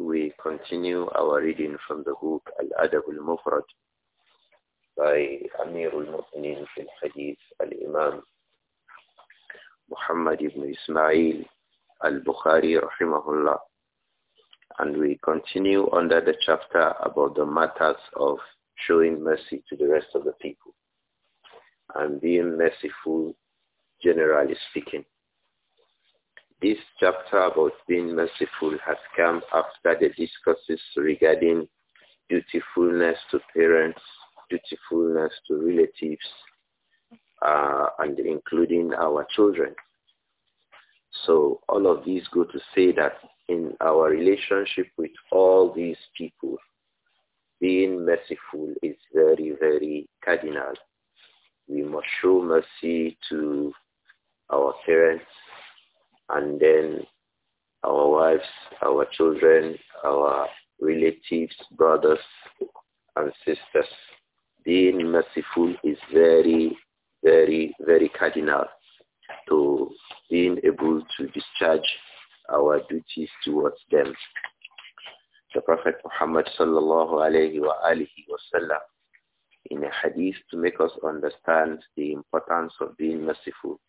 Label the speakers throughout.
Speaker 1: we continue our reading from the book Al-Adab al-Mufrad by Amir al-Mu'minin fil Hadith al-Imam Muhammad ibn Ismail al-Bukhari rahimahullah. And we continue under the chapter about the matters of showing mercy to the rest of the people and being merciful generally speaking. This chapter about being merciful has come after the discussions regarding dutifulness to parents, dutifulness to relatives, uh, and including our children. So all of these go to say that in our relationship with all these people, being merciful is very, very cardinal. We must show mercy to our parents, and then our wives, our children, our relatives, brothers and sisters. Being merciful is very, very, very cardinal to being able to discharge our duties towards them. The Prophet Muhammad sallallahu alayhi wa alihi wasallam in a hadith to make us understand the importance of being merciful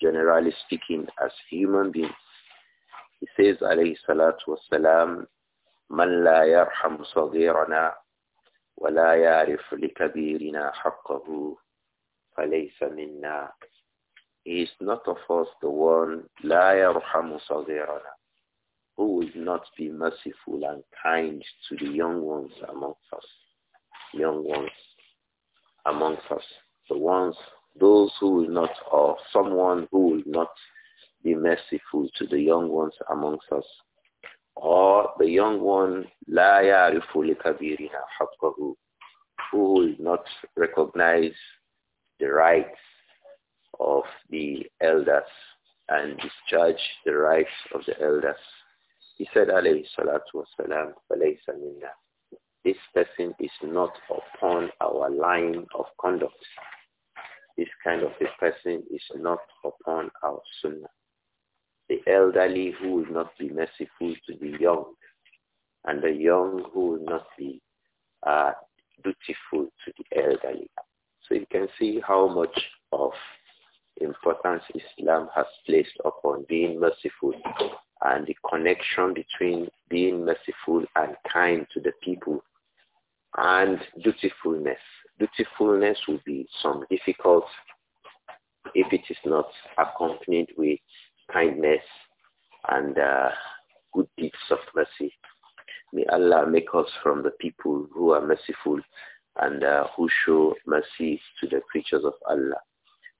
Speaker 1: generally speaking, as human beings. He says, alayhi salatu wasalam, من لا يرحم wa la yarif likabirina حقه فليس minna." He is not of us the one la يرحم صغيرنا who will not be merciful and kind to the young ones amongst us. Young ones amongst us. The ones those who will not, or someone who will not be merciful to the young ones amongst us, or the young one, لا يعرف لكبيرها حقه, who will not recognize the rights of the elders and discharge the rights of the elders. He said, alayhi salatu wasalam, This person is not upon our line of conduct this kind of a person is not upon our sunnah. The elderly who will not be merciful to the young, and the young who will not be uh, dutiful to the elderly. So you can see how much of importance Islam has placed upon being merciful and the connection between being merciful and kind to the people and dutifulness dutifulness will be some difficult if it is not accompanied with kindness and uh, good deeds of mercy. May Allah make us from the people who are merciful and uh, who show mercy to the creatures of Allah.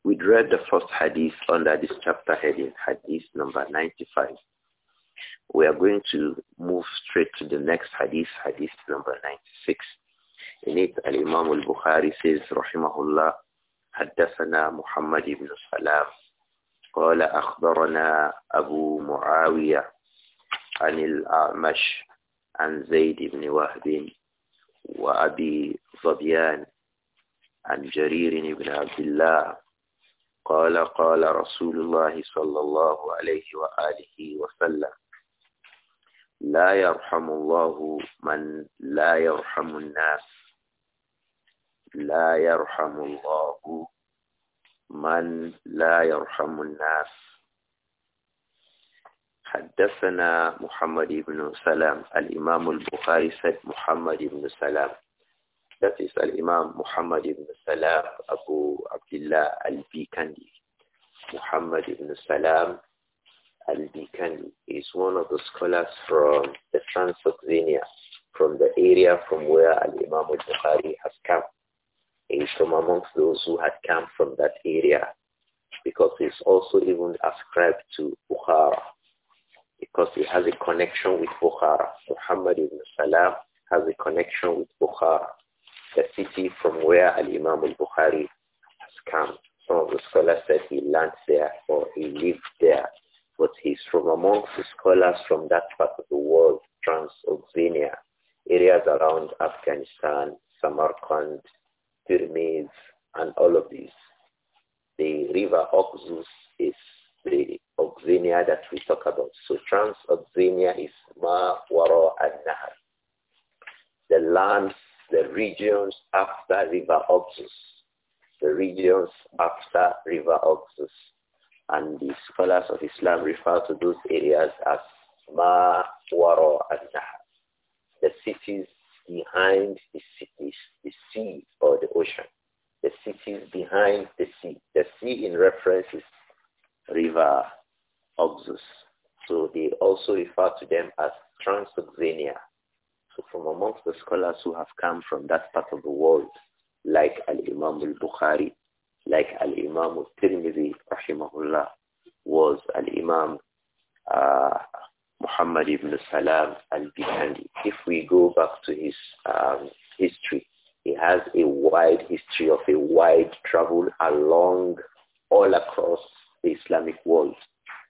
Speaker 1: We read the first hadith under this chapter heading, hadith number 95. We are going to move straight to the next hadith, hadith number 96. In الإمام البخاري سيز رحمه الله حدثنا محمد بن سلام قال أخبرنا أبو معاوية عن الأعمش عن زيد بن وهب وأبي ظبيان عن جرير بن عبد الله قال قال رسول الله صلى الله عليه وآله وسلم لا يرحم الله من لا يرحم الناس لا يرحم الله من لا يرحم الناس حدثنا محمد بن سلام الإمام البخاري said محمد بن سلام that is الإمام محمد بن سلام أبو عبد الله البيكندي محمد بن سلام al is one of the scholars from the Transylvania, from the area from where Al-Imam al-Bukhari has come. is from amongst those who had come from that area because it's also even ascribed to Bukhara because he has a connection with Bukhara. Muhammad ibn Salam has a connection with Bukhara, the city from where Al-Imam al-Bukhari has come. Some of the scholars said he learned there or he lived there, but he's from amongst the scholars from that part of the world, Transoxania, areas around Afghanistan, Samarkand, Pyramids and all of these. The river Oxus is the Oxenia that we talk about. So Trans Oxenia is Ma Waro Nahar. The lands, the regions after River Oxus. The regions after River Oxus. And the scholars of Islam refer to those areas as Ma Waro Nahar. The cities behind the cities, the sea or the ocean. The cities behind the sea. The sea in reference is river Oxus. So they also refer to them as Transoxania. So from amongst the scholars who have come from that part of the world, like Al-Imam al-Bukhari, like Al-Imam al-Tirmidhi, rahimahullah, was Al-Imam uh, Muhammad ibn Salam al-Bikandi. If we go back to his um, history, he has a wide history of a wide travel along all across the Islamic world.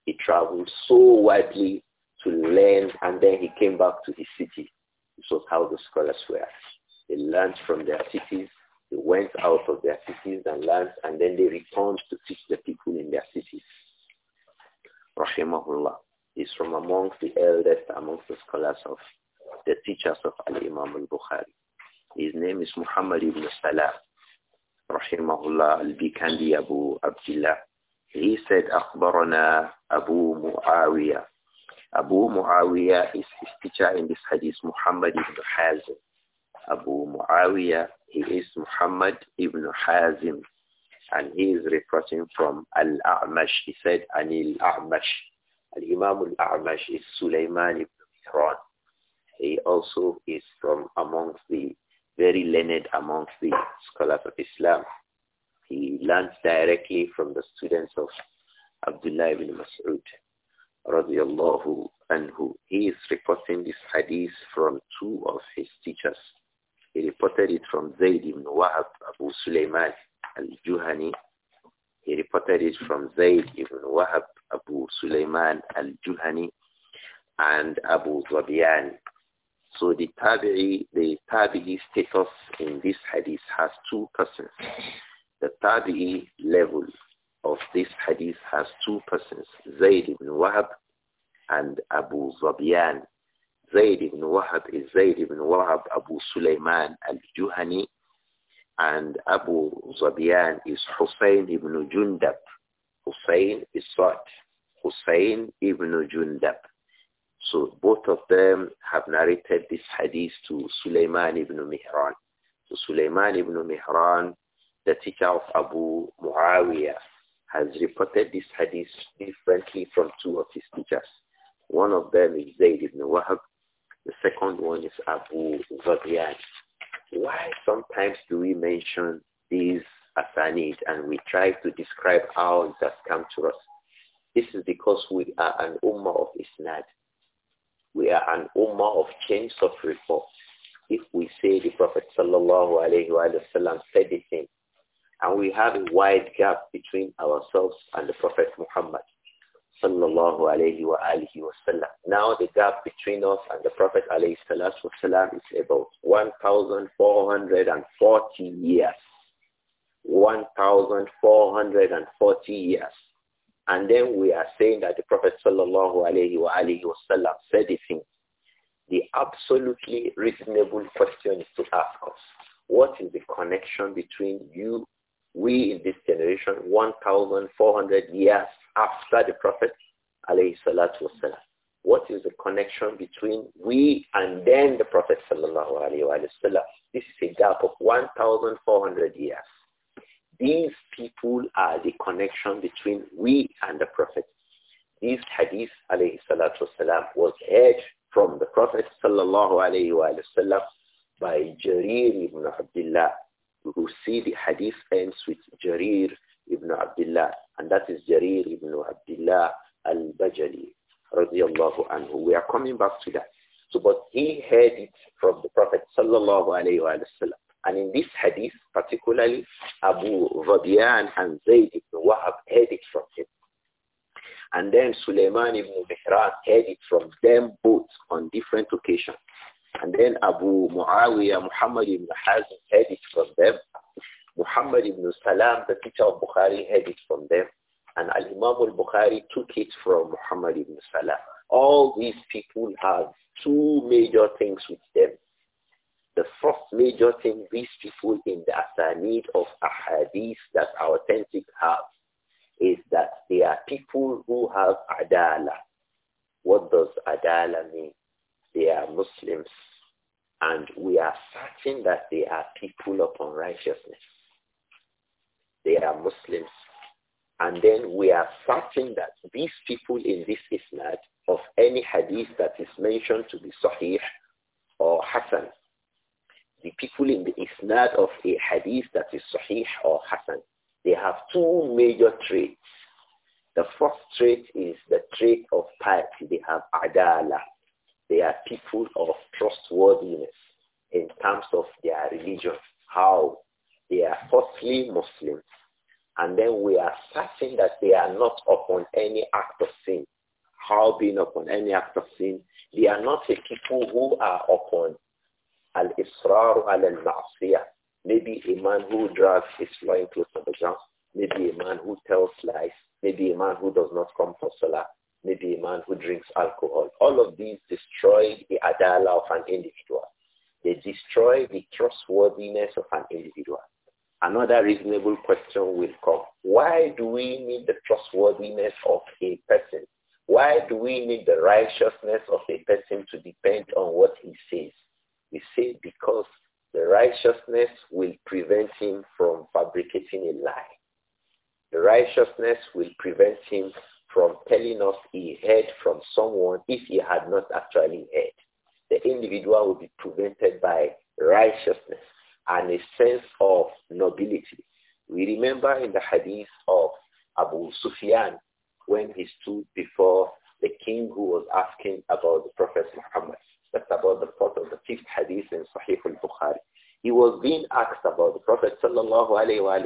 Speaker 1: He traveled so widely to learn and then he came back to his city. This was how the scholars were. They learned from their cities, they went out of their cities and learned and then they returned to teach the people in their cities. Rahimahullah is from amongst the eldest amongst the scholars of the teachers of Al-Imam al-Bukhari. His name is Muhammad ibn Salah, rahimahullah al-Bikandi Abu Abdullah. He said, أخبرنا Abu Muawiyah. Abu Muawiyah is his teacher in this hadith, Muhammad ibn Hazm. Abu Muawiyah, he is Muhammad ibn Hazm. And he is reporting from Al-A'mash. He said, Anil A'mash. Al-Imam al-A'mash is Sulaiman ibn Mihran. He also is from amongst the very learned amongst the scholars of Islam. He learns directly from the students of Abdullah ibn Mas'ud radiallahu anhu. He is reporting this hadith from two of his teachers. He reported it from Zayd ibn Wahab, Abu Sulaiman al-Juhani, he reported it from Zayd ibn Wahab, Abu Sulaiman al-Juhani, and Abu Zabian. So the tabi'i, the tabi'i status in this hadith has two persons. The tabi'i level of this hadith has two persons, Zayd ibn Wahab and Abu Zabian. Zayd ibn Wahab is Zayd ibn Wahab Abu Sulaiman al-Juhani and Abu Zabian is Hussein ibn Jundab. Hussein is Sa'd. Hussein ibn Jundab. So both of them have narrated this hadith to Sulaiman ibn Mihran. So Sulaiman ibn Mihran, the teacher of Abu Muawiyah, has reported this hadith differently from two of his teachers. One of them is Zayd ibn Wahab. The second one is Abu Zabian why sometimes do we mention these asanid and we try to describe how it has come to us? This is because we are an ummah of isnad. We are an ummah of chains of report. If we say the Prophet sallallahu alaihi wasallam said the same, and we have a wide gap between ourselves and the Prophet Muhammad sallallahu alayhi wa alihi wasallam. Now the gap between us and the Prophet alayhi salatu wasallam is about 1,440 years. 1,440 years. And then we are saying that the Prophet sallallahu alayhi wa alihi wasallam said the thing. The absolutely reasonable question is to ask us, what is the connection between you, we in this generation, 1,400 years after the Prophet, alayhi salatu wasalam. What is the connection between we and then the Prophet sallallahu alayhi wa This is a gap of 1,400 years. These people are the connection between we and the Prophet. This hadith, alayhi salatu wasalam, was heard from the Prophet sallallahu alayhi wa by Jarir ibn Abdullah. We will see the hadith ends with Jarir ibn Abdullah and that is Jarir ibn Abdullah al-Bajali, radiallahu anhu. We are coming back to that. So, but he heard it from the Prophet sallallahu alayhi wa sallam. And in this hadith, particularly, Abu Rabian and Zayd ibn Wahab heard it from him. And then Suleiman ibn Bihran heard it from them both on different occasions. And then Abu Muawiyah, Muhammad ibn Hazm heard it from them Muhammad ibn Salam, the teacher of Bukhari, had it from them. And Al-Imam al-Bukhari took it from Muhammad ibn Salam. All these people have two major things with them. The first major thing these people in the Asanid of Ahadith that authentic have is that they are people who have adala. What does adala mean? They are Muslims and we are certain that they are people upon righteousness. They are Muslims. And then we are certain that these people in this isnad of any hadith that is mentioned to be sahih or hassan, The people in the isnad of a hadith that is sahih or hassan, they have two major traits. The first trait is the trait of piety. They have adala. They are people of trustworthiness in terms of their religion. How? They are falsely Muslims. And then we are certain that they are not upon any act of sin. How being upon any act of sin? They are not a people who are upon al-israr al-ma'siyah. Maybe a man who drags his close to the ground. Maybe a man who tells lies. Maybe a man who does not come for salah maybe a man who drinks alcohol. All of these destroy the adala of an individual. They destroy the trustworthiness of an individual another reasonable question will come. Why do we need the trustworthiness of a person? Why do we need the righteousness of a person to depend on what he says? We say because the righteousness will prevent him from fabricating a lie. The righteousness will prevent him from telling us he heard from someone if he had not actually heard. The individual will be prevented by righteousness and a sense of nobility. We remember in the hadith of Abu Sufyan when he stood before the king who was asking about the Prophet Muhammad. That's about the part of the fifth hadith in Sahih al-Bukhari. He was being asked about the Prophet sallallahu alayhi wa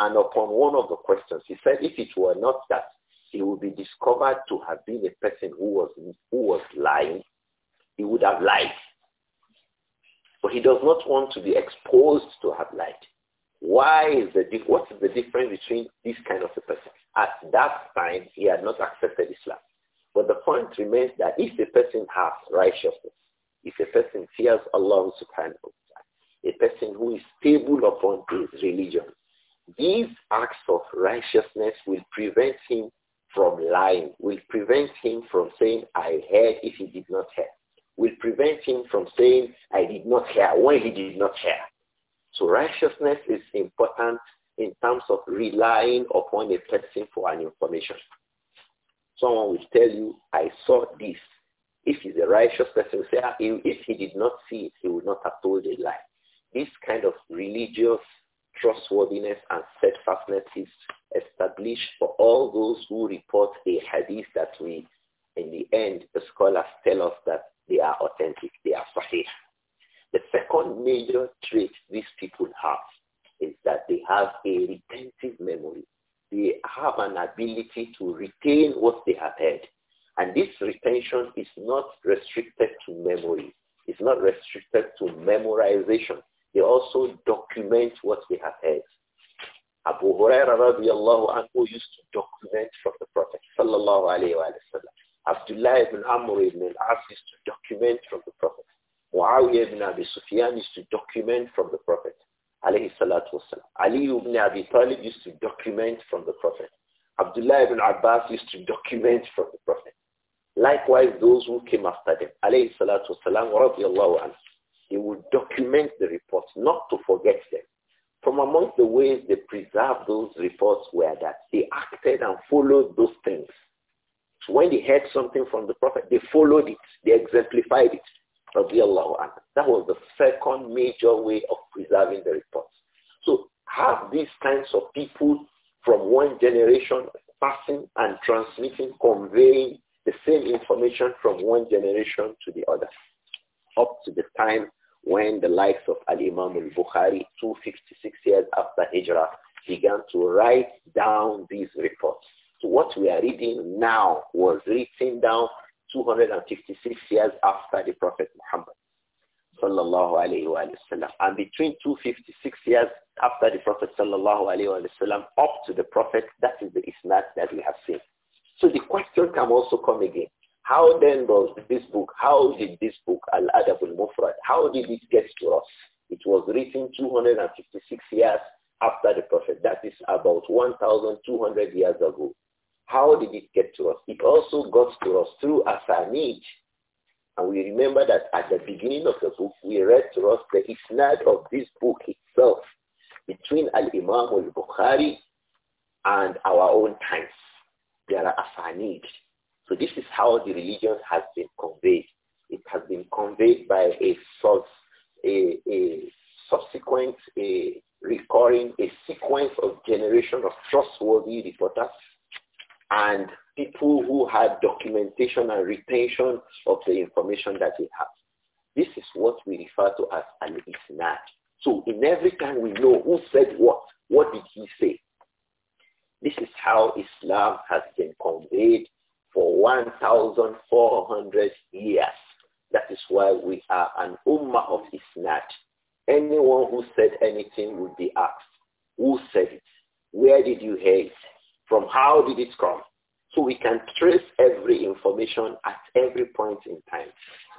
Speaker 1: And upon one of the questions, he said if it were not that he would be discovered to have been a person who was, who was lying, he would have lied. But he does not want to be exposed to have lied. Why is the what is the difference between this kind of a person? At that time, he had not accepted Islam. But the point remains that if a person has righteousness, if a person fears Allah subhanahu wa ta'ala, a person who is stable upon his religion, these acts of righteousness will prevent him from lying, will prevent him from saying, I heard if he did not hear will prevent him from saying, I did not hear, when he did not hear. So righteousness is important in terms of relying upon a person for an information. Someone will tell you, I saw this. If he's a righteous person, ah, if he did not see it, he would not have told a lie. This kind of religious trustworthiness and steadfastness is established for all those who report a hadith that we, in the end, the scholars tell us that they are authentic. They are sahih. The second major trait these people have is that they have a retentive memory. They have an ability to retain what they have heard. And this retention is not restricted to memory. It's not restricted to memorization. They also document what they have heard. Abu Hurairah radiallahu anhu used to document from the Prophet sallallahu alayhi wa sallam. Abdullah ibn Amr ibn al-As is to document from the Prophet. Muawiyah ibn Abi Sufyan is to document from the Prophet. Alayhi salatu wasalam. Ali ibn Abi Talib used to document from the Prophet. Abdullah ibn Abbas used to document from the Prophet. Likewise, those who came after them, alayhi salatu wasalam, radiallahu anhu, they would document the reports, not to forget them. From among the ways they preserved those reports were that they acted and followed those things. So when they heard something from the Prophet, they followed it. They exemplified it. That was the second major way of preserving the reports. So have these kinds of people from one generation passing and transmitting, conveying the same information from one generation to the other, up to the time when the likes of Al-Imam al-Bukhari, 256 years after Hijrah, began to write down these reports what we are reading now was written down 256 years after the Prophet Muhammad. Sallallahu alayhi wa And between 256 years after the Prophet sallallahu alayhi wa sallam up to the Prophet, that is the isnad that we have seen. So the question can also come again. How then was this book, how did this book, Al-Adab al-Mufrad, how did it get to us? It was written 256 years after the Prophet. That is about 1,200 years ago. How did it get to us? It also got to us through Asanid. And we remember that at the beginning of the book, we read to us the isnad of this book itself between Al-Imam al-Bukhari and our own times. There are Asanid. So this is how the religion has been conveyed. It has been conveyed by a source, a, a subsequent, a recurring, a sequence of generation of trustworthy reporters and people who had documentation and retention of the information that they have. This is what we refer to as an isnad. So in every time we know who said what, what did he say? This is how Islam has been conveyed for 1,400 years. That is why we are an ummah of isnad. Anyone who said anything would be asked, who said it? Where did you hear it? From how did it come? So we can trace every information at every point in time.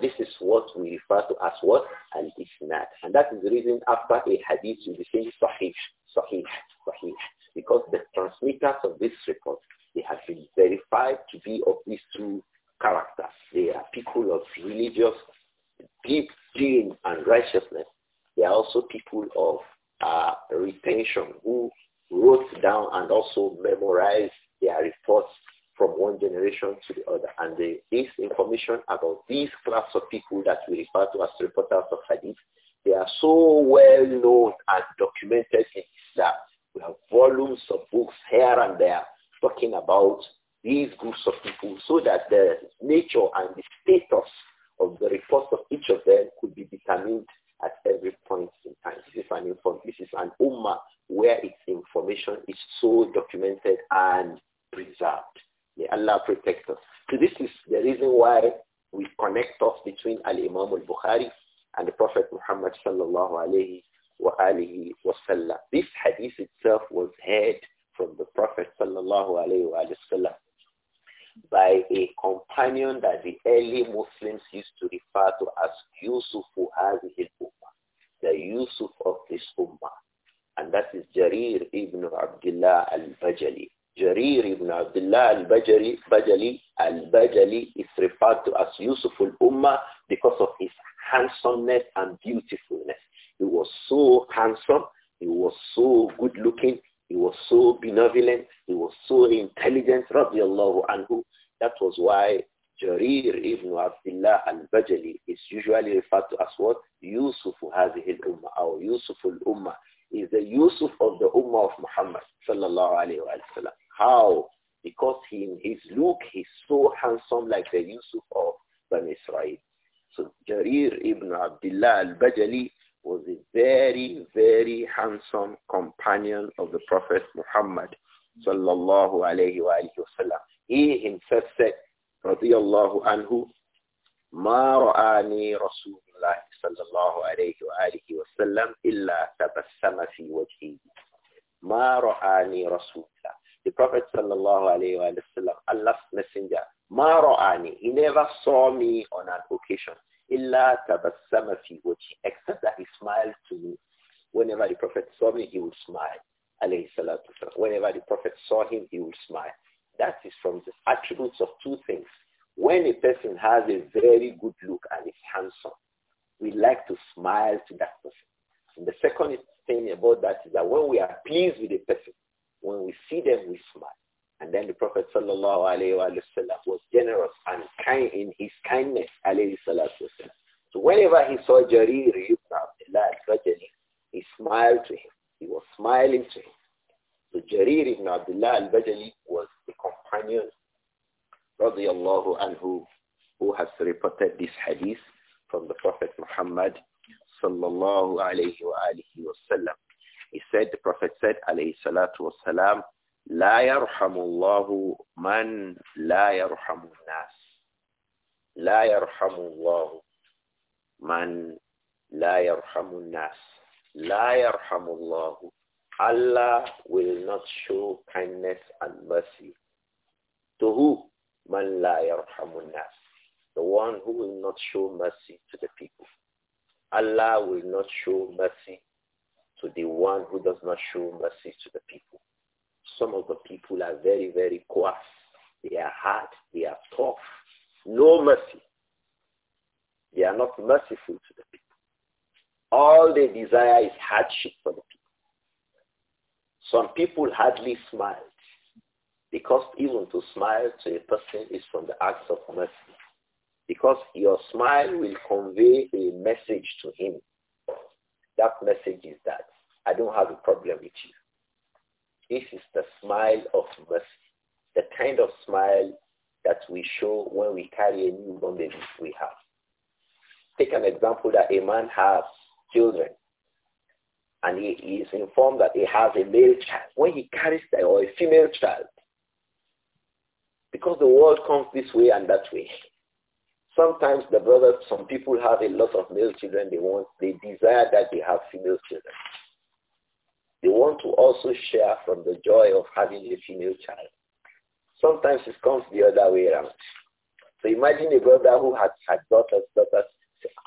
Speaker 1: This is what we refer to as what? al not. And that is the reason after a hadith you will be Sahih, Sahih, Sahih. Because the transmitters of this report, they have been verified to be of these two characters. They are people of religious, deep deen and righteousness. They are also people of uh, retention who wrote down and also memorized their reports from one generation to the other. And the, this information about these class of people that we refer to as reporters of hadith, they are so well known and documented in Islam. We have volumes of books here and there talking about these groups of people so that the nature and the status of the reports of each of them could be determined at every point in time. This is an, inform this is an ummah where its information is so documented and preserved. May Allah protect us. So this is the reason why we connect us between Al-Imam al-Bukhari and the Prophet Muhammad sallallahu alayhi wa alihi This hadith itself was heard from the Prophet sallallahu alayhi wa sallam by a companion that the early Muslims used to refer to as Yusuf al Ummah, the Yusuf of this Ummah. And that is Jarir ibn Abdullah al-Bajali. Jarir ibn Abdullah al-Bajali Bajali, al-Bajali is referred to as Yusuf al-Ummah because of his handsomeness and beautifulness. He was so handsome, he was so good looking, he was so benevolent, so intelligent, radiallahu anhu. That was why Jarir ibn Abdullah al-Bajali is usually referred to as what? Yusuf هذه الأمة or Yusuf al-Ummah is the Yusuf of the Ummah of Muhammad sallallahu alayhi wa sallam. How? Because he, in his look, he's so handsome like the Yusuf of Bani Israel. So Jarir ibn Abdullah al-Bajali was a very, very handsome companion of the Prophet Muhammad sallallahu alayhi wa He himself said, radiyallahu anhu, ما رآني رسول الله صلى الله عليه wasallam وسلم إلا تبسم في وجهه ما رآني رسول الله The Prophet صلى الله عليه وآله وسلم Allah's messenger ما رآني He never saw me on an occasion إلا تبسم في وجهه Except that he smiled to me Whenever the Prophet saw me, he would smile. Whenever the Prophet saw him, he would smile. That is from the attributes of two things. When a person has a very good look and is handsome, we like to smile to that person. And the second thing about that is that when we are pleased with a person, when we see them, we smile. And then the Prophet sallallahu was generous and kind in his kindness So whenever he saw Jarir ibn the last rajali he smiled to him. He was smiling to him. So Jarir ibn Abdullah al-Bajali was the companion, radiallahu anhu, who has reported this hadith from the Prophet Muhammad sallallahu alayhi wa alihi wa sallam. He said, the Prophet said, alayhi salatu wa salam, لا يرحم الله من لا يرحم الناس لا يرحم الله من لا يرحم الناس La yarhamullahu. Allah will not show kindness and mercy. To who? Man la yarhamun nas. The one who will not show mercy to the people. Allah will not show mercy to the one who does not show mercy to the people. Some of the people are very, very coarse. They are hard. They are tough. No mercy. They are not merciful to the people. All they desire is hardship for the people. Some people hardly smile, because even to smile to a person is from the acts of mercy. Because your smile will convey a message to him. That message is that I don't have a problem with you. This is the smile of mercy, the kind of smile that we show when we carry a new burden we have. Take an example that a man has children. And he, is informed that he has a male child. When he carries that, or a female child, because the world comes this way and that way. Sometimes the brothers, some people have a lot of male children. They want, they desire that they have female children. They want to also share from the joy of having a female child. Sometimes it comes the other way around. So imagine a brother who had had daughters, daughters.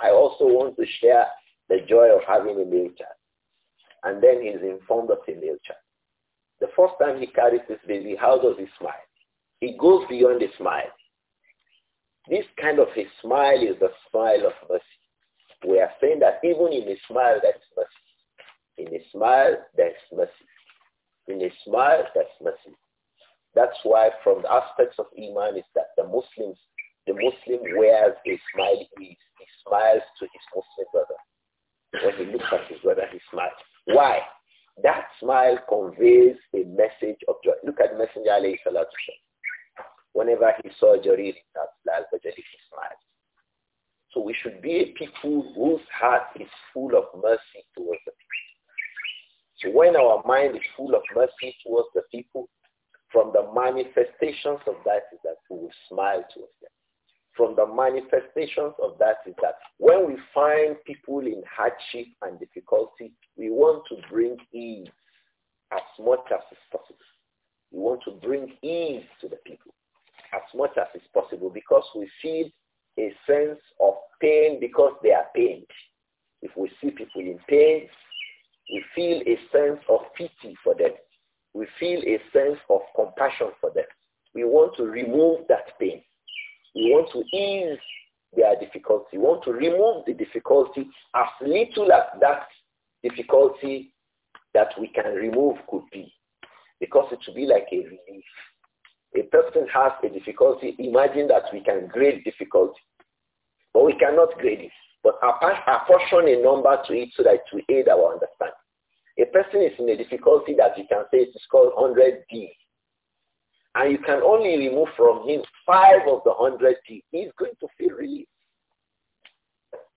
Speaker 1: I also want to share the joy of having a male child. And then he's informed of a male child. The first time he carries this baby, how does he smile? He goes beyond the smile. This kind of a smile is the smile of mercy. We are saying that even in a smile, that's mercy. In a smile, that's mercy. In a smile, that's mercy. That's why from the aspects of Iman is that the Muslims, the Muslim wears a smile, he, he smiles to his Muslim brother when he looks at his brother, he smiles. Why? That smile conveys a message of joy. Look at Messenger alayhi salatu Whenever he saw Jarir that Abdullah al-Bajali, he smiled. So we should be a people whose heart is full of mercy towards the people. So when our mind is full of mercy towards the people, from the manifestations of that is that we will smile towards them from the manifestations of that is that when we find people in hardship and difficulty, we want to bring ease as much as is possible. We want to bring ease to the people as much as is possible because we feel a sense of pain because they are pained. If we see people in pain, we feel a sense of pity for them. We feel a sense of compassion for them. We want to remove that pain. You want to ease their difficulty. You want to remove the difficulty as little as that difficulty that we can remove could be. Because it will be like a relief. A person has a difficulty. Imagine that we can grade difficulty. But we cannot grade it. But apportion a number to it so that it will aid our understanding. A person is in a difficulty that you can say it is called 100D and you can only remove from him five of the hundred teeth, he's going to feel relief.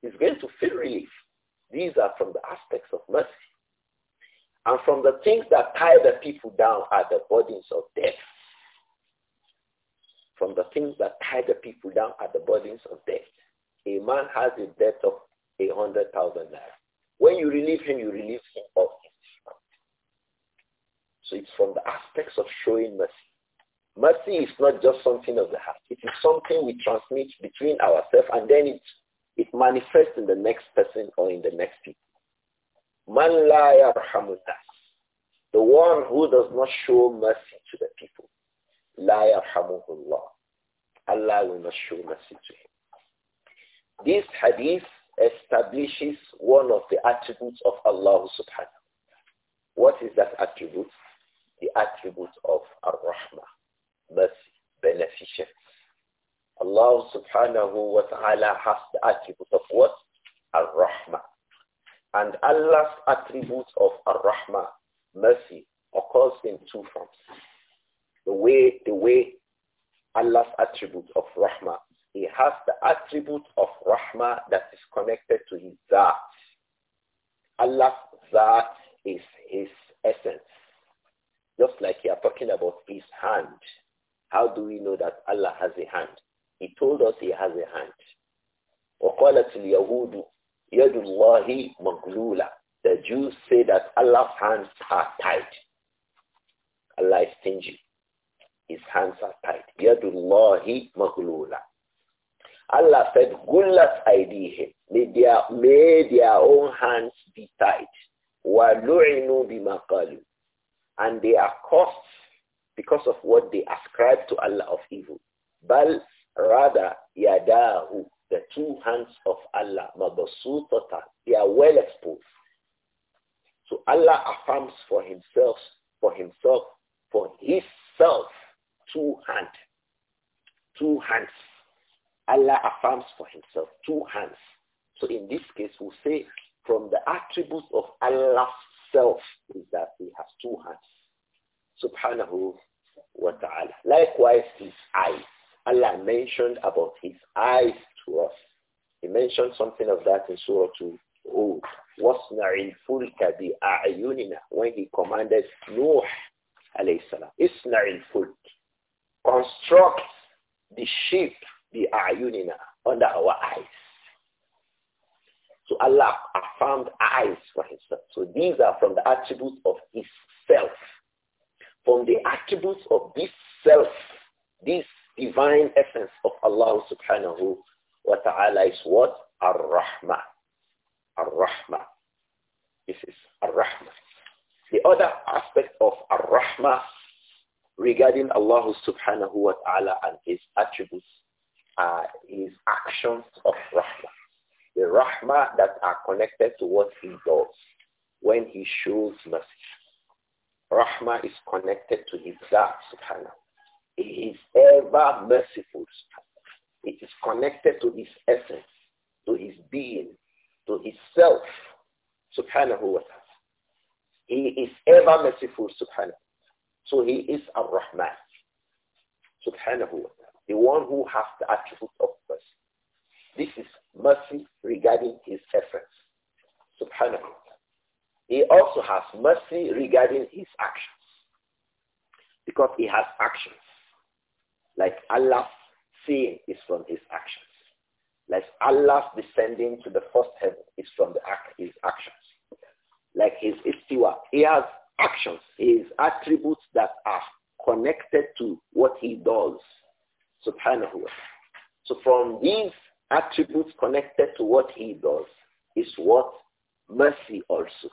Speaker 1: He's going to feel relief. These are from the aspects of mercy. And from the things that tie the people down are the burdens of death. From the things that tie the people down are the burdens of death. A man has a debt of a hundred thousand naira. When you relieve him, you relieve him of his So it's from the aspects of showing mercy. Mercy is not just something of the heart. It is something we transmit between ourselves and then it, it manifests in the next person or in the next people. Man la yarhamutas. The one who does not show mercy to the people. La yarhamuhullah. Allah will not show mercy to him. This hadith establishes one of the attributes of Allah subhanahu. What is that attribute? The attribute of Ar-Rahmah. Allah subhanahu wa ta'ala has the attribute of what? Ar-Rahmah. And Allah's attribute of Ar-Rahmah, mercy, occurs in two forms. The way, the way Allah's attribute of Rahmah, he has the attribute of Rahmah that is connected to his Zat. Allah's Zat is his essence. Just like you are talking about his hand, how do we know that Allah has a hand? He told us he has a hand. وقالت اليهود يد الله مغلولة. The Jews say that Allah's hands are tied. Allah is stingy. His hands are tied. Yadullahi maghlula. Allah said, Gullat aidihim. May their, may their own hands be tied. Wa lu'inu bimaqalu. And they are cursed because of what they ascribe to Allah of evil. Bal rather yadahu, the two hands of Allah, mabasutata, they are well exposed. So Allah affirms for himself, for himself, for his self, two hands. Two hands. Allah affirms for himself, two hands. So in this case, we will say from the attributes of Allah's self is that he has two hands subhanahu wa ta'ala. Likewise, his eyes. Allah mentioned about his eyes to us. He mentioned something of that in Surah 2. Oh, وَاصْنَعِ الْفُلْكَ بِأَعْيُنِنَا When he commanded Nuh, alayhi salam, اصْنَعِ الْفُلْكَ Construct the ship بِأَعْيُنِنَا Under our eyes. So Allah affirmed eyes for himself. So these are from the attributes of his self from the attributes of this self, this divine essence of Allah subhanahu wa ta'ala is what? Ar-Rahmah. Ar-Rahmah. This is Ar-Rahmah. The other aspect of Ar-Rahmah regarding Allah subhanahu wa ta'ala and his attributes is actions of Rahmah. The Rahmah that are connected to what he does when he shows mercy. Rahma is connected to his Zat, subhanahu. He is ever merciful, It is connected to his essence, to his being, to his self, subhanahu wa ta'ala. He is ever merciful, subhanahu. So he is a rahman subhanahu wa ta'ala, the one who has the attribute of mercy. This is mercy regarding his essence, subhanahu he also has mercy regarding his actions. Because he has actions. Like Allah's seeing is from his actions. Like Allah's descending to the first heaven is from the, his actions. Like his istiwa. He has actions. His attributes that are connected to what he does. Subhanahu wa ta'ala. So from these attributes connected to what he does is what mercy also.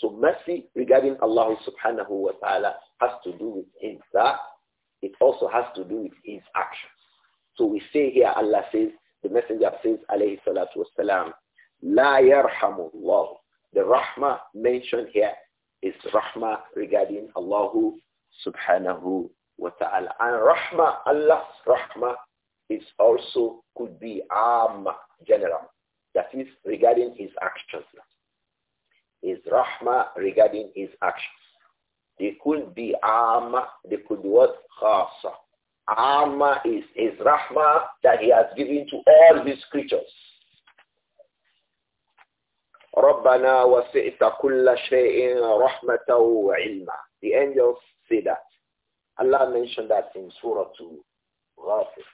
Speaker 1: So mercy regarding Allah subhanahu wa ta'ala has to do with his that. It also has to do with his actions. So we say here, Allah says, the messenger says, alayhi salatu wasalam, la yarhamullah. The rahmah mentioned here is rahmah regarding Allah subhanahu wa ta'ala. And rahmah, Allah's rahmah is also could be amma, general. That is regarding his actions is Rahma regarding his actions. They could be amma, they could be what? Khasa. Amma is his Rahma that he has given to all his creatures. ربنا وسعت كل شيء رحمة وعلما. The angels say that. Allah mentioned that in Surah 2, غافر.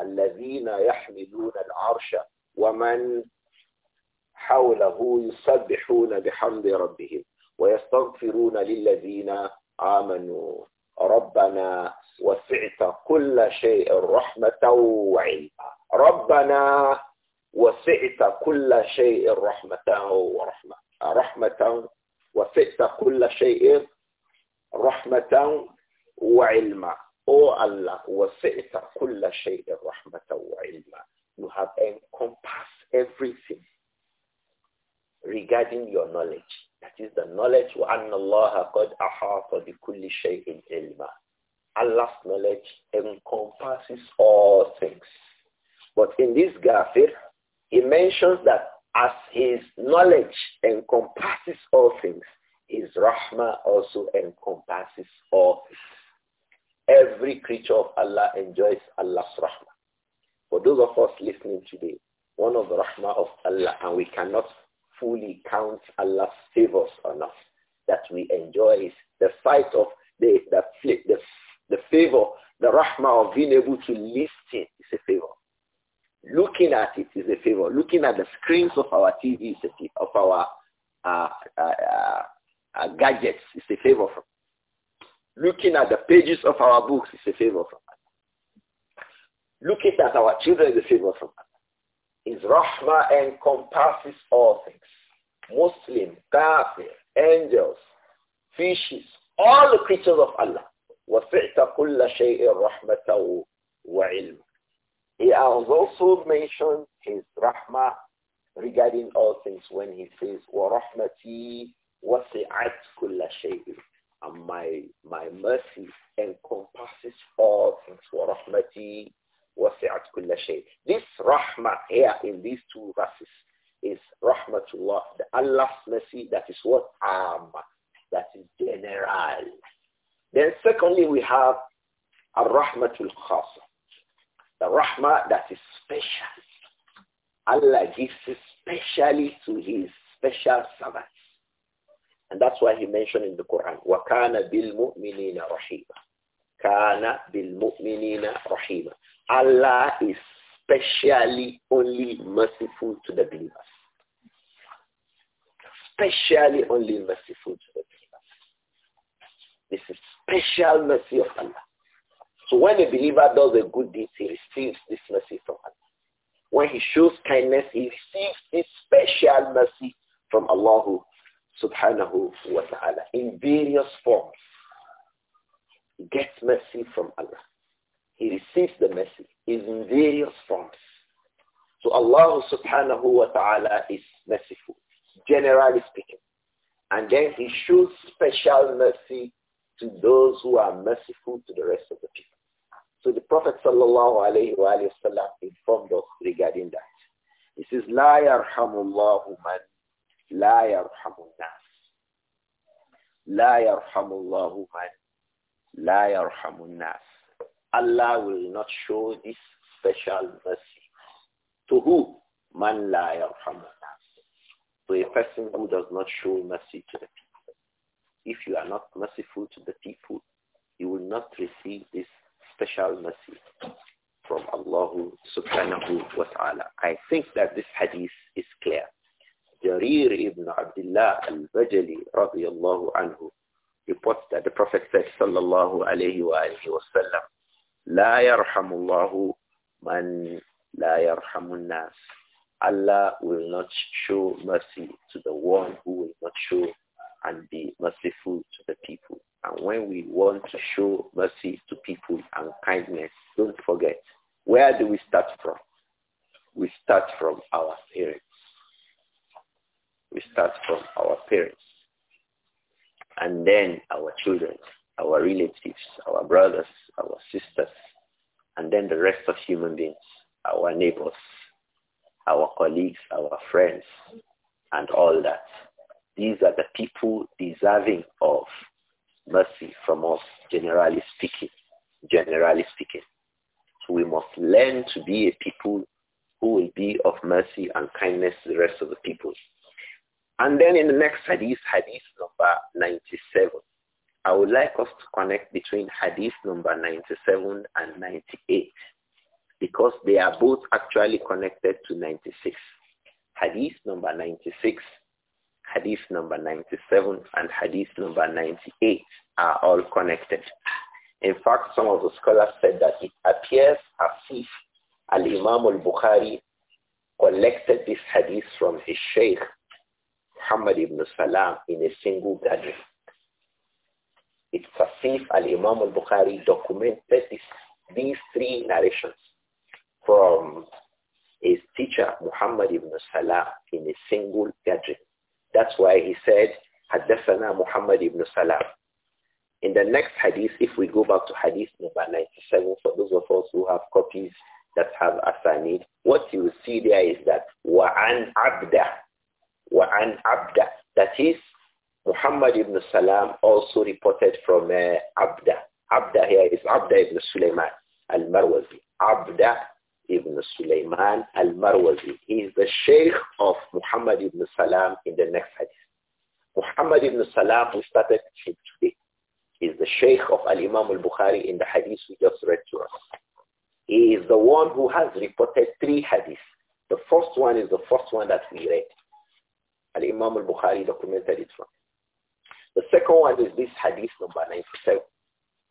Speaker 1: الذين يحملون العرش ومن حوله يسبحون بحمد ربهم ويستغفرون للذين آمنوا ربنا وسعت كل شيء رحمة وعلما ربنا وسعت كل شيء رحمة ورحمة رحمة وسعت كل شيء رحمة وعلما او الله وسعت كل شيء رحمة وعلما. You have encompassed everything regarding your knowledge. That is the knowledge وَأَنَّ اللَّهَ قَدْ أَحَاطَ kulli shay'in ilma. Allah's knowledge encompasses all things. But in this gafir, he mentions that as his knowledge encompasses all things, his rahmah also encompasses all things. Every creature of Allah enjoys Allah's rahmah. For those of us listening today, one of the rahmah of Allah, and we cannot fully count Allah's favors on us, that we enjoy his, the sight of the, the, the, the favor, the rahmah of being able to listen is a favor. Looking at it is a favor. Looking at the screens of our TV, of our uh, uh, uh, uh, gadgets is a favor from. Looking at the pages of our books is a favor from us. Looking at our children is a favor from us. Is Rahma encompasses all things. Muslim, kafir, angels, fishes, all the creatures of Allah. وَسِعْتَ كُلَّ شَيْءٍ wa وَعِلْمًا He has also mentioned his Rahma regarding all things when he says, وَرَحْمَتِي وَسِعَتْ كُلَّ شَيْءٍ And my, my mercy encompasses all things. وَرَحْمَتِي وَسِعَتْ كُلَّ شَيْءٍ This rahmah here in these two verses is rahmatullah, the Allah's mercy that is what? Am, that is general. Then secondly, we have ar-rahmatul khasa, the rahmah that is special. Allah gives especially to his special servants. And that's why he mentioned in the Quran, وَكَانَ بِالْمُؤْمِنِينَ رَحِيمًا كَانَ بِالْمُؤْمِنِينَ رَحِيمًا Allah is specially only merciful to the believers. Specially only merciful to the believers. This is special mercy of Allah. So when a believer does a good deed, he receives this mercy from Allah. When he shows kindness, he receives this special mercy from Allah subhanahu wa ta'ala in various forms. He gets mercy from Allah. He receives the message is in various forms. So Allah subhanahu wa ta'ala is merciful, generally speaking. And then he shows special mercy to those who are merciful to the rest of the people. So the Prophet sallallahu alayhi wa sallam informed us regarding that. He says, لا يرحم الله من لا يرحم الناس. لا يرحم الله من لا يرحم الناس. Allah will not show this special mercy. To who? Man la To a person who does not show mercy to the people. If you are not merciful to the people, you will not receive this special mercy from Allah subhanahu wa ta'ala. I think that this hadith is clear. Jarir ibn Abdullah al-Bajali radiallahu anhu reports that the Prophet said sallallahu alayhi wa sallam يرحم الله man لا يرحم الناس. Allah will not show mercy to the one who will not show and be merciful to the people. And when we want to show mercy to people and kindness, don't forget, where do we start from? We start from our parents. We start from our parents. And then our children, our relatives, our brothers, our sisters, and then the rest of human beings, our neighbors, our colleagues, our friends, and all that. These are the people deserving of mercy from us, generally speaking. Generally speaking. So we must learn to be a people who will be of mercy and kindness to the rest of the people. And then in the next hadith, hadith number 97, I would like us to connect between hadith number 97 and 98 because they are both actually connected to 96. Hadith number 96, hadith number 97, and hadith number 98 are all connected. In fact, some of the scholars said that it appears as if Al-Imam al-Bukhari collected this hadith from his sheikh, Muhammad ibn Salam, in a single gathering. It's as if Al-Imam al-Bukhari documented this, these three narrations from his teacher, Muhammad ibn Salah, in a single gathering. That's why he said, Haddathana Muhammad ibn Salah. In the next hadith, if we go back to hadith number 97, for those of us who have copies that have asanid, what you will see there is that Wa'an Abda. Wa'an Abda. That is, Muhammad ibn Salam also reported from uh, Abda. Abda here is Abda ibn Sulaiman al-Marwazi. Abda ibn Sulaiman al-Marwazi. He is the sheikh of Muhammad ibn Salam in the next hadith. Muhammad ibn Salam, we started him today, is the sheikh of al-Imam al-Bukhari in the hadith we just read to us. He is the one who has reported three hadiths. The first one is the first one that we read. Al-Imam al-Bukhari documented it from. The second one is this hadith number 97.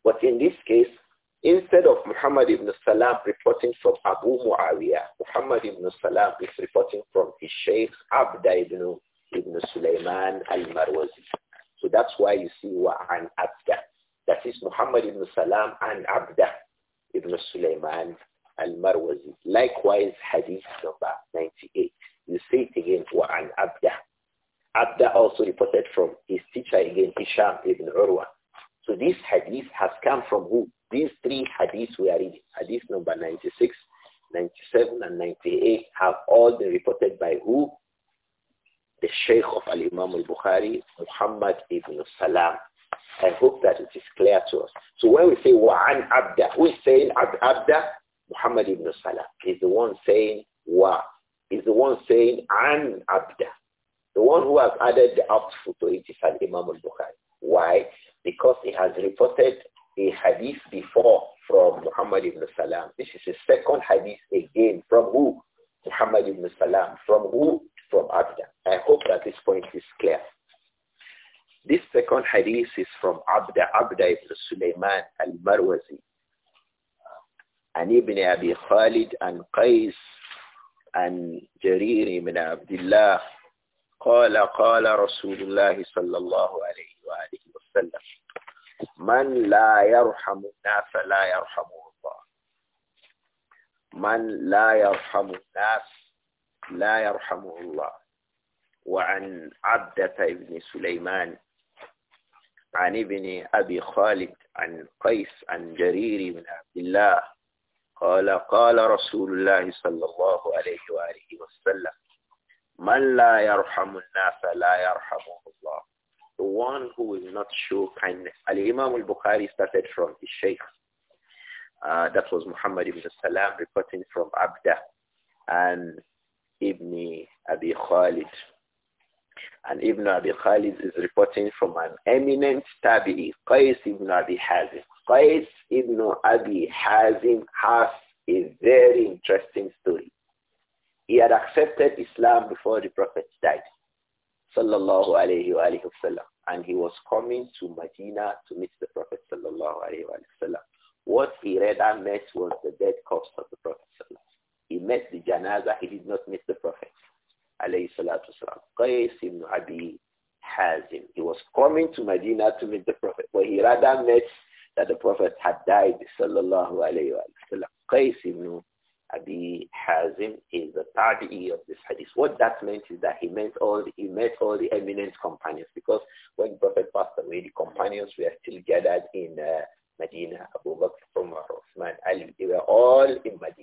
Speaker 1: But in this case, instead of Muhammad ibn Salam reporting from Abu Muawiyah, Muhammad ibn Salam is reporting from his sheikh Abda ibn, ibn Sulaiman al-Marwazi. So that's why you see Wa'an Abda. That is Muhammad ibn Salam and Abda ibn Sulaiman al-Marwazi. Likewise, hadith number 98. You see it again, Wa'an Abda. Abda also reported from his teacher again, Hisham ibn Urwa. So this hadith has come from who? These three hadiths we are reading, hadith number 96, 97, and 98, have all been reported by who? The Sheikh of Al-Imam al-Bukhari, Muhammad ibn Salam. I hope that it is clear to us. So when we say Wa'an Abda, who is saying Ab Abda? Muhammad ibn Salam is the one saying Wa, is the one saying An Abda. The one who has added the outfit to its is Al-Imam al-Bukhari. Why? Because he has reported a hadith before from Muhammad ibn Salam. This is his second hadith again. From who? Muhammad ibn Salam. From who? From Abda. I hope that this point is clear. This second hadith is from Abda, Abda ibn Sulaiman al-Marwazi. And Ibn Abi Khalid and Qais and Jarir ibn Abdullah قال قال رسول الله صلى الله عليه وآله وسلم من لا يرحم الناس لا يرحمه الله من لا يرحم الناس لا يرحمه الله وعن عبدة بن سليمان عن ابن أبي خالد عن قيس عن جرير بن عبد الله قال قال رسول الله صلى الله عليه وآله وسلم Man la yarhamun nasa la yarhamullah. The one who will not show kindness. Al-Imam al-Bukhari started from his sheikh. Uh, that was Muhammad ibn Salam reporting from Abda and Ibn Abi Khalid. And Ibn Abi Khalid is reporting from an eminent tabi'i, Qais ibn Abi Hazim. Qais ibn Abi Hazim has a very interesting story. He had accepted Islam before the Prophet died. Sallallahu alayhi wa alayhi wa And he was coming to Medina to meet the Prophet sallallahu alayhi wa sallam. What he read and met was the dead corpse of the Prophet sallallahu He met the janaza, he did not meet the Prophet alayhi salatu wasalam. Qais ibn Abi Hazim. He was coming to Medina to meet the Prophet, but he rather met that the Prophet had died sallallahu alayhi wa sallam. Qais ibn Abi Hazim is the e of this hadith. What that meant is that he meant all the, he met all the eminent companions because when Prophet passed away, the companions were still gathered in uh, Medina, Abu Bakr, Umar, Osman, Ali. They were all in Medina.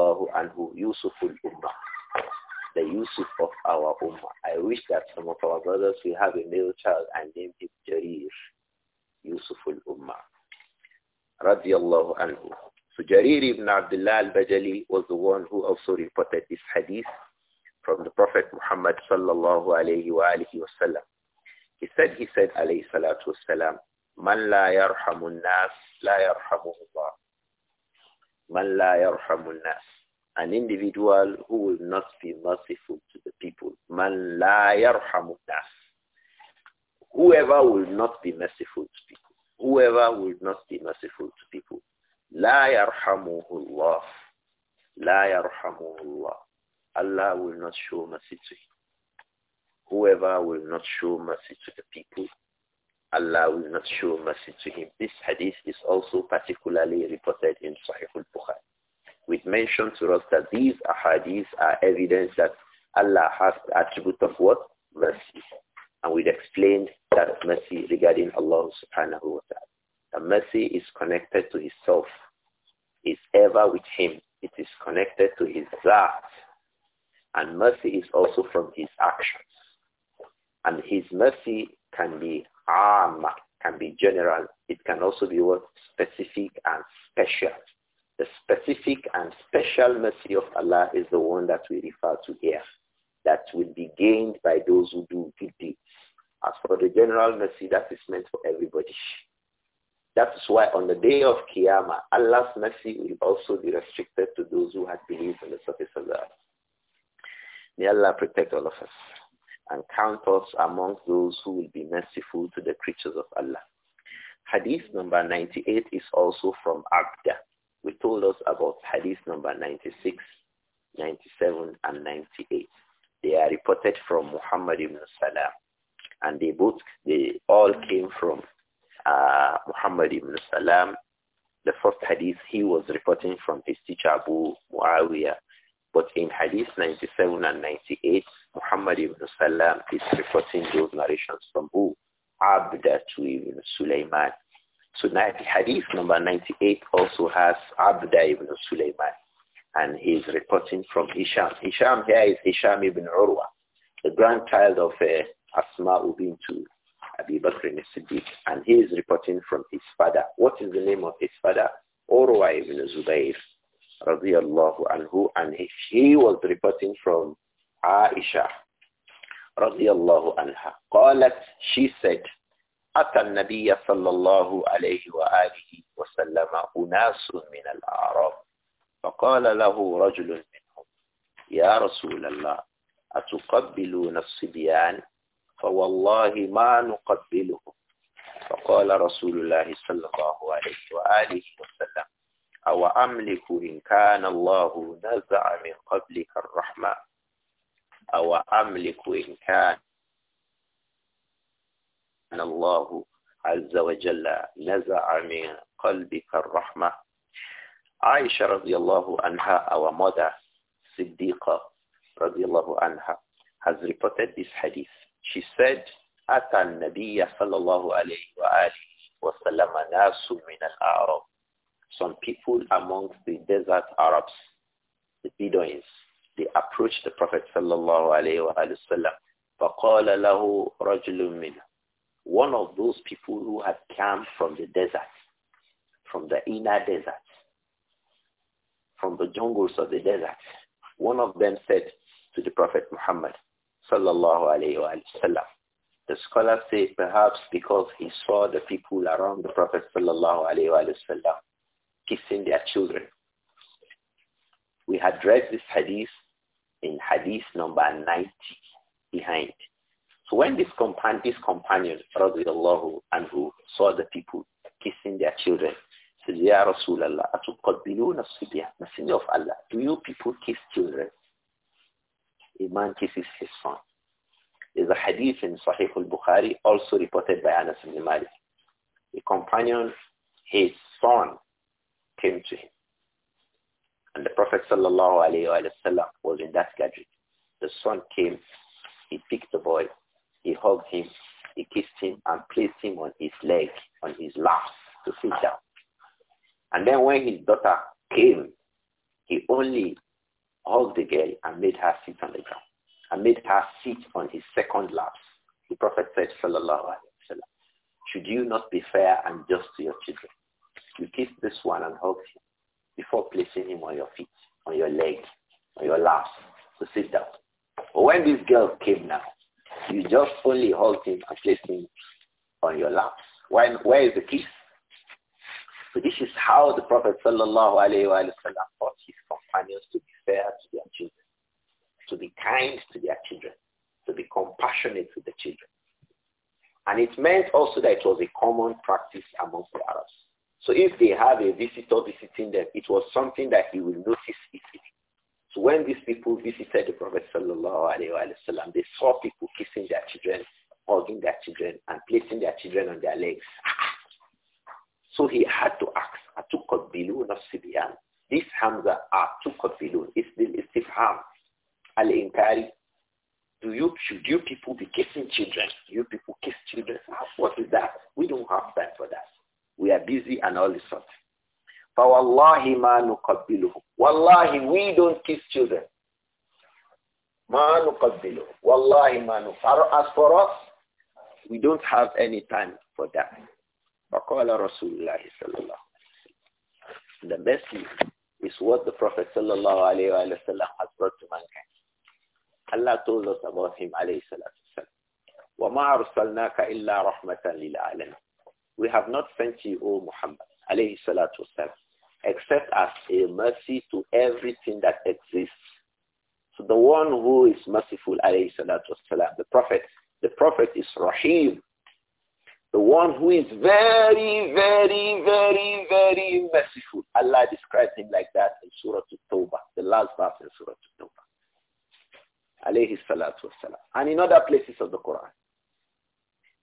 Speaker 1: radiallahu anhu, Yusuf al-Ummah, the Yusuf of our Ummah. I wish that some of our brothers will have a male child and name him Jarir, Yusuf al-Ummah, radiallahu anhu. So Jarir ibn Abdullah al-Bajali was the one who also reported this hadith from the Prophet Muhammad sallallahu alayhi wa alihi wasallam. He said, he said, alayhi salatu salam. man la yarhamun nas, la yarhamuhullah. Man la yarhamun nas. An individual who will not be merciful to the people. Man la yarhamun nas. Whoever will not be merciful to people. Whoever will not be merciful to people. La Allah. La Allah. Allah will not show mercy to him. Whoever will not show mercy to the people, Allah will not show mercy to him. This hadith is also particularly reported in Sahih al-Bukhari. We've mentioned to us that these hadiths are evidence that Allah has the attribute of what? Mercy. And we've explained that mercy regarding Allah subhanahu wa ta'ala. The mercy is connected to his self. It's ever with him. It is connected to his heart, And mercy is also from his actions. And his mercy can be amma can be general. It can also be what specific and special. The specific and special mercy of Allah is the one that we refer to here. That will be gained by those who do good deeds. As for the general mercy, that is meant for everybody. That is why on the day of Qiyamah, Allah's mercy will also be restricted to those who had believed in the surface of the earth. May Allah protect all of us and count us amongst those who will be merciful to the creatures of Allah. Hadith number 98 is also from Abda. We told us about hadith number 96, 97, and 98. They are reported from Muhammad ibn Salam. And they both, they all came from uh, Muhammad ibn Salam. The first hadith he was reporting from his teacher Abu Muawiyah. But in hadith 97 and 98, Muhammad ibn Salam is reporting those narrations from who? Abdatu ibn Sulaiman. So hadith number 98 also has Abda ibn Sulaiman. And he's reporting from Hisham. Hisham here is Hisham ibn Urwa, the grandchild of uh, Asma to Abi Bakr as siddiq And he is reporting from his father. What is the name of his father? Urwa ibn Zubayr, radiyallahu anhu. And he was reporting from عائشة رضي الله عنها قالت she said, أتى النبي صلى الله عليه وآله وسلم أناس من الأعراب فقال له رجل منهم يا رسول الله أتقبلون الصبيان فوالله ما نقبلهم فقال رسول الله صلى الله عليه وآله وسلم أو أملك إن كان الله نزع من قبلك الرحمة أو أملك إن كان أن الله عز وجل نزع من قلبك الرحمة Aisha radiallahu anha, our mother, Siddiqa radiallahu anha, has reported this hadith. She said, أتى النبي صلى الله عليه وآله وسلم ناس من الأعراب. Some people amongst the desert Arabs, the Bedouins, they approached the Prophet sallallahu alayhi wa One of those people who had come from the desert, from the inner desert, from the jungles of the desert, one of them said to the Prophet Muhammad sallallahu alayhi wa the scholars say perhaps because he saw the people around the Prophet sallallahu alayhi wa kissing their children. We had read this hadith at hadith number 90 behind. So when this companion, this companion, radiallahu anhu, saw the people kissing their children, said, Ya Rasulallah, atuqabbiluna sibya, messenger of Allah, do you people kiss children? A man kisses his son. There's a hadith in Sahih al-Bukhari, also reported by Anas ibn Malik. A companion, his son, came to him. And the Prophet sallallahu alayhi wa was in that gathering son came, he picked the boy, he hugged him, he kissed him, and placed him on his leg, on his lap, to sit down. And then when his daughter came, he only hugged the girl and made her sit on the ground, and made her sit on his second lap. The Prophet said, Sallallahu Alaihi Wasallam, should you not be fair and just to your children? only halting and placing on your lap. When, where is the kiss? So this is how the Prophet sallallahu alayhi wa sallam taught his companions to be fair to their children, to be kind to their children, to be compassionate with the children. And it meant also that it was a common practice amongst the Arabs. So if they have a visitor visiting them, it was something that you will notice easily. So when these people visited the Prophet sallallahu alayhi wa sallam, they saw people children, hugging their children, and placing their children on their legs. so he had to ask, Atukobilun not Sibian. This Hamza, Atukobilun, is the istifham, al-inkari. Do you, should you people be kissing children? you people kiss children? What is that? We don't have time for that. We are busy and all this sort. فَوَاللَّهِ مَا نُقَبِّلُهُمْ Wallahi, we don't kiss children. Ma nuqabbilu. Wallahi ma As for us, we don't have any time for that. فقال Rasulullah sallallahu صلى الله The best is what the Prophet sallallahu الله عليه وسلم has brought to mankind. Allah told us about him alayhi salatu sallam. وما أرسلناك إلا رحمة للعالمين. We have not sent you, O Muhammad alayhi salatu والسلام, except as a mercy to everything that exists the one who is merciful, alayhi salatu the Prophet, the Prophet is Rahim, the one who is very, very, very, very merciful. Allah describes him like that in Surah At-Tawbah, the last verse in Surah At-Tawbah. Alayhi salatu And in other places of the Quran.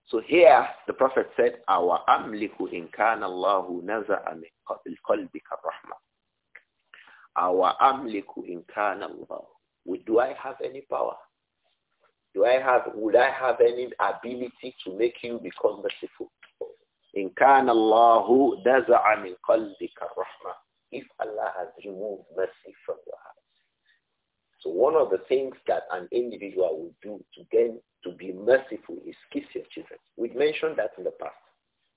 Speaker 1: So here the Prophet said, "Our amliku in kana Allahu naza'a min qalbika rahma." Our amliku in kana Allahu do I have any power? Do I have, would I have any ability to make you become merciful? In kana Allahu daza'a min qalbika rahmah. If Allah has removed mercy from your heart. So one of the things that an individual will do to gain, to be merciful is kiss your children. We've mentioned that in the past.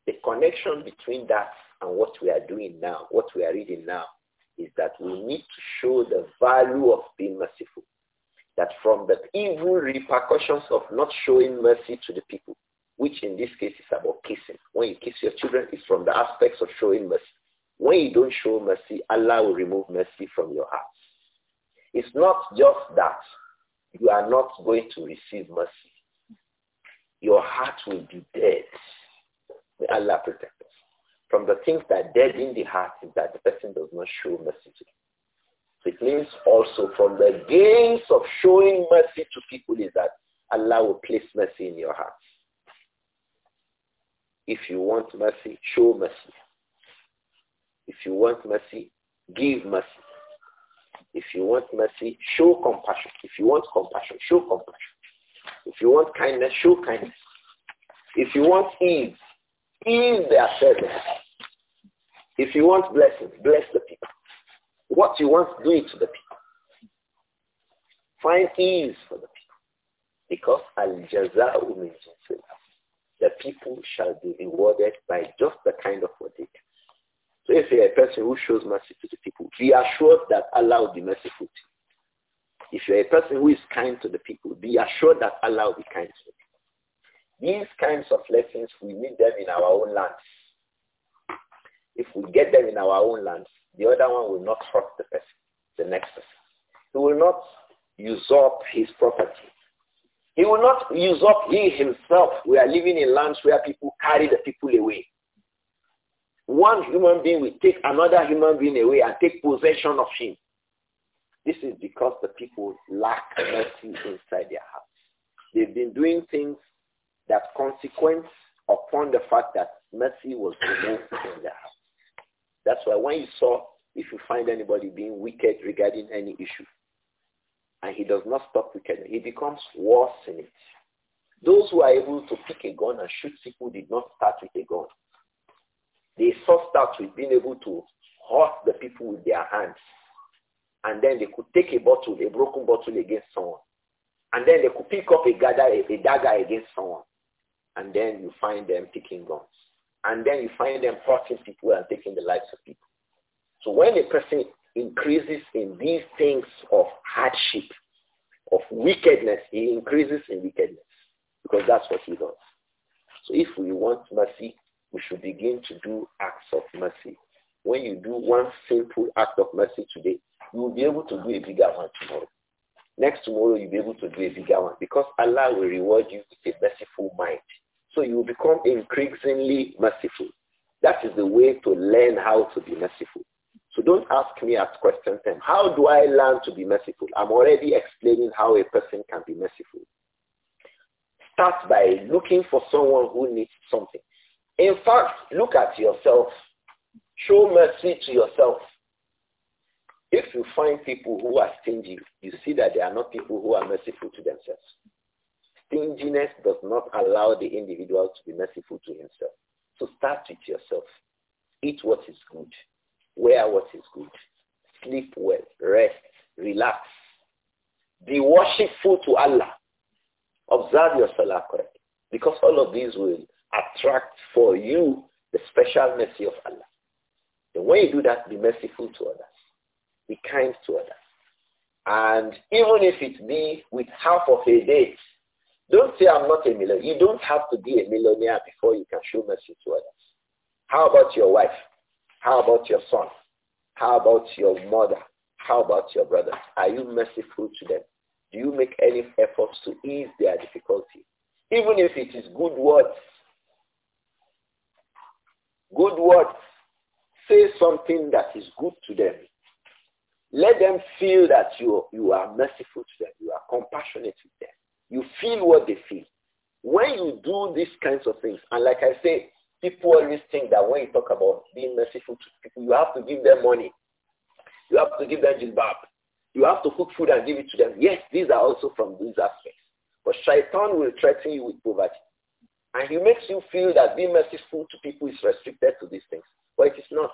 Speaker 1: The connection between that and what we are doing now, what we are reading now, is that we need to show the value of being merciful. That from the evil repercussions of not showing mercy to the people, which in this case is about kissing. When you kiss your children, it's from the aspects of showing mercy. When you don't show mercy, Allah will remove mercy from your heart. It's not just that you are not going to receive mercy. Your heart will be dead. May Allah protect from the things that dead in the heart is that the person does not show mercy to them. So it means also from the gains of showing mercy to people is that Allah will place mercy in your heart. If you want mercy, show mercy. If you want mercy, give mercy. If you want mercy, show compassion. If you want compassion, show compassion. If you want kindness, show kindness. If you want ease, in their service. If you want blessings, bless the people. What you want, do it to the people. Find ease for the people. Because al-jaza'u min The people shall be rewarded by just the kind of what they do. So if you're a person who shows mercy to the people, be assured that Allah will be merciful to you. If you're a person who is kind to the people, be assured that Allah will be kind to you. These kinds of lessons, we need them in our own lands. If we get them in our own lands, the other one will not hurt the person, the next person. He will not usurp his property. He will not usurp he himself. We are living in lands where people carry the people away. One human being will take another human being away and take possession of him. This is because the people lack mercy inside their hearts. They've been doing things that consequence upon the fact that mercy was removed from the house. That's why when you saw, if you find anybody being wicked regarding any issue, and he does not stop wickedness, he becomes worse in it. Those who are able to pick a gun and shoot people did not start with a gun. They first start with being able to hurt the people with their hands. And then they could take a bottle, a broken bottle against someone. And then they could pick up a, gather, a, a dagger against someone. And then you find them picking guns. And then you find them hurting people and taking the lives of people. So when a person increases in these things of hardship, of wickedness, he increases in wickedness because that's what he does. So if we want mercy, we should begin to do acts of mercy. When you do one simple act of mercy today, you will be able to do a bigger one tomorrow. Next tomorrow, you'll be able to do a bigger one because Allah will reward you with a merciful mind. So you become increasingly merciful. That is the way to learn how to be merciful. So don't ask me at question 10, how do I learn to be merciful? I'm already explaining how a person can be merciful. Start by looking for someone who needs something. In fact, look at yourself. Show mercy to yourself. If you find people who are stingy, you see that they are not people who are merciful to themselves stinginess does not allow the individual to be merciful to himself. So start with yourself. Eat what is good. Wear what is good. Sleep well. Rest. Relax. Be worshipful to Allah. Observe your salah correctly. Because all of these will attract for you the special mercy of Allah. And when you do that, be merciful to others. Be kind to others. And even if it be with half of a date, don't say I'm not a millionaire. You don't have to be a millionaire before you can show mercy to others. How about your wife? How about your son? How about your mother? How about your brothers? Are you merciful to them? Do you make any efforts to ease their difficulty? Even if it is good words. Good words. Say something that is good to them. Let them feel that you, you are merciful to them. You are compassionate with them. You feel what they feel. When you do these kinds of things, and like I say, people always think that when you talk about being merciful to people, you have to give them money. You have to give them jilbab. You have to cook food and give it to them. Yes, these are also from these aspects. But shaitan will threaten you with poverty. And he makes you feel that being merciful to people is restricted to these things. But it is not.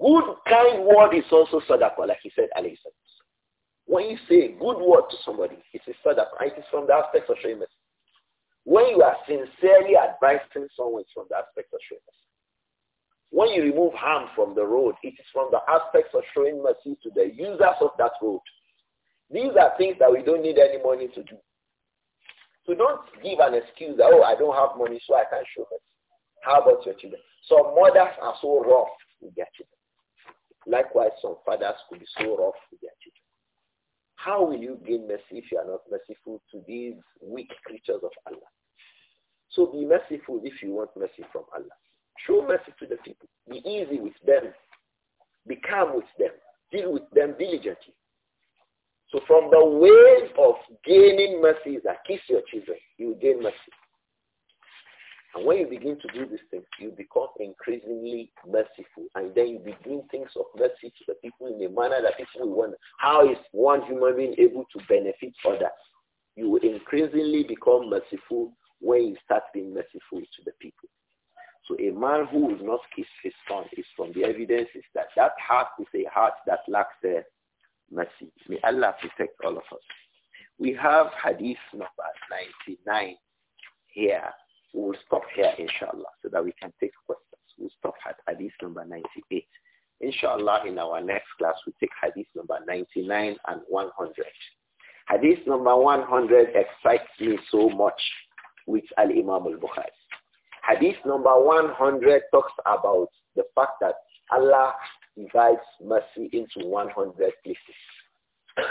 Speaker 1: Good, kind word is also sadaqah, like he said, alayhi salam. When you say a good word to somebody, it is It is from the aspect of showing mercy. When you are sincerely advising someone, from the aspect of showing mercy. When you remove harm from the road, it is from the aspect of showing mercy to the users of that road. These are things that we don't need any money to do. So don't give an excuse that, oh, I don't have money, so I can't show mercy. How about your children? Some mothers are so rough with their children. Likewise, some fathers could be so rough with their children. How will you gain mercy if you are not merciful to these weak creatures of Allah? So be merciful if you want mercy from Allah. Show mercy to the people. Be easy with them. Be calm with them. Deal with them diligently. So from the ways of gaining mercy is that kiss your children. You gain mercy. And when you begin to do these things, you become increasingly merciful. And then you begin things of mercy to the people in a manner that people will wonder, how is one human being able to benefit others? You will increasingly become merciful when you start being merciful to the people. So a man who will not kiss his son is from the evidence, is that that heart is a heart that lacks the uh, mercy. May Allah protect all of us. We have hadith number 99 here We'll stop here, inshallah, so that we can take questions. We'll stop at hadith number 98. Inshallah, in our next class, we take hadith number 99 and 100. Hadith number 100 excites me so much with Al-Imam al-Bukhari. Hadith number 100 talks about the fact that Allah divides mercy into 100 places.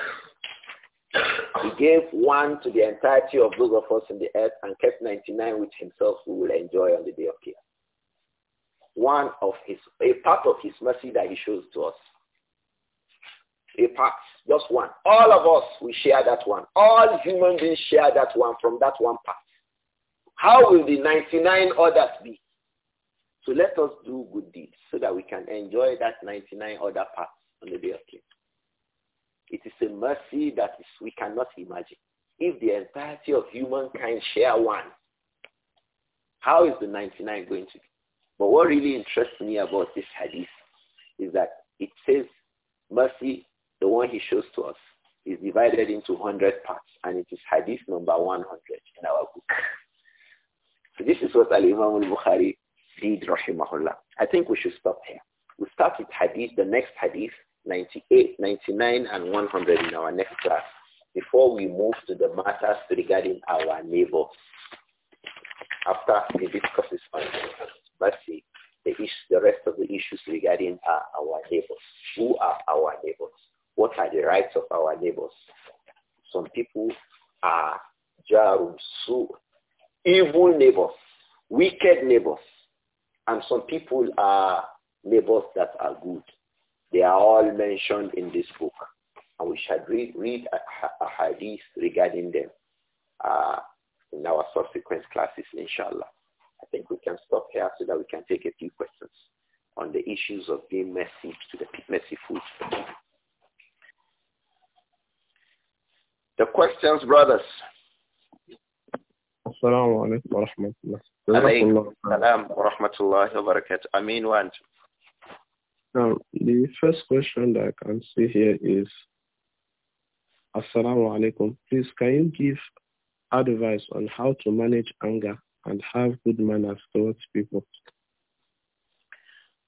Speaker 1: He gave one to the entirety of those of us in the earth and kept 99 which himself we will enjoy on the day of care. One of his, a part of his mercy that he shows to us. A part, just one. All of us, we share that one. All human beings share that one from that one part. How will the 99 others be? So let us do good deeds so that we can enjoy that 99 other parts on the day of care. It is a mercy that is, we cannot imagine. If the entirety of humankind share one, how is the 99 going to be? But what really interests me about this hadith is that it says mercy, the one he shows to us, is divided into 100 parts, and it is hadith number 100 in our book. So this is what Al-Imam al-Bukhari did, rahimahullah. I think we should stop here. We start with hadith, the next hadith, 98, 99, and 100 in our next class before we move to the matters regarding our neighbor. After the discusses on mercy, the, the rest of the issues regarding uh, our neighbors. Who are our neighbors? What are the rights of our neighbors? Some people are jarum su, evil neighbors, wicked neighbors, and some people are neighbors that are good. They are all mentioned in this book. And we shall read, read a, a hadith regarding them uh, in our subsequent classes, inshallah. I think we can stop here so that we can take a few questions on the issues of being messy to the food. The questions, brothers. السلام عليكم ورحمة الله. عليكم السلام ورحمة الله وبركاته. Now, the first question that I can see here is, Assalamu alaikum. Please, can you give advice on how to manage anger and have good manners towards people?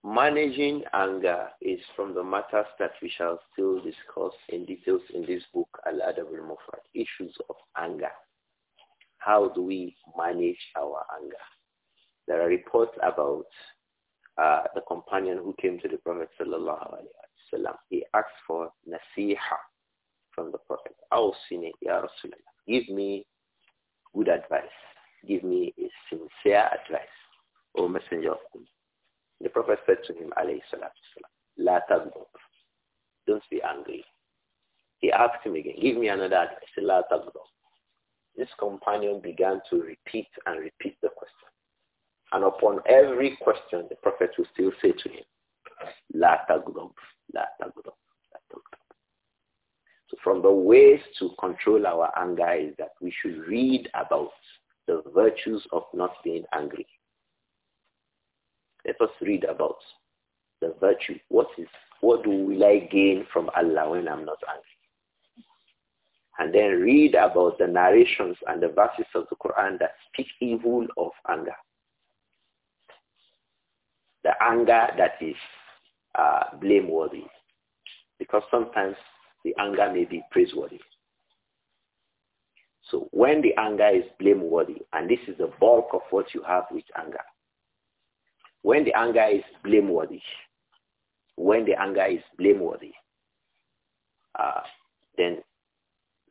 Speaker 1: Managing anger is from the matters that we shall still discuss in details in this book, Al-Adab al-Mufrad, Issues of Anger. How do we manage our anger? There are reports about uh, the companion who came to the Prophet sallallahu He asked for nasiha from the Prophet. Awsini ya Rasulullah. Give me good advice. Give me a sincere advice, O Messenger of Allah. The Prophet said to him, alayhi salatu la Don't be angry. He asked him again, give me another advice, la taghdab. This companion began to repeat and repeat the question. And upon every question, the Prophet will still say to him, La tagdob, la tagdob, la So from the ways to control our anger is that we should read about the virtues of not being angry. Let us read about the virtue. What is what do will I gain from Allah when I'm not angry? And then read about the narrations and the verses of the Quran that speak evil of anger the anger that is uh, blameworthy. Because sometimes the anger may be praiseworthy. So when the anger is blameworthy, and this is the bulk of what you have with anger, when the anger is blameworthy, when the anger is blameworthy, uh, then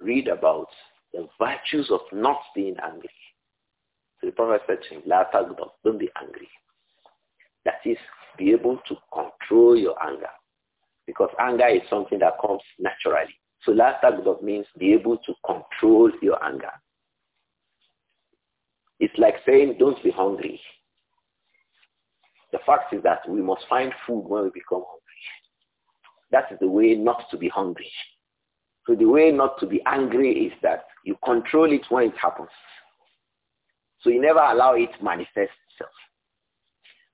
Speaker 1: read about the virtues of not being angry. So the Prophet said to him, don't be angry. That is, be able to control your anger. Because anger is something that comes naturally. So last aspect means be able to control your anger. It's like saying don't be hungry. The fact is that we must find food when we become hungry. That is the way not to be hungry. So the way not to be angry is that you control it when it happens. So you never allow it manifest itself.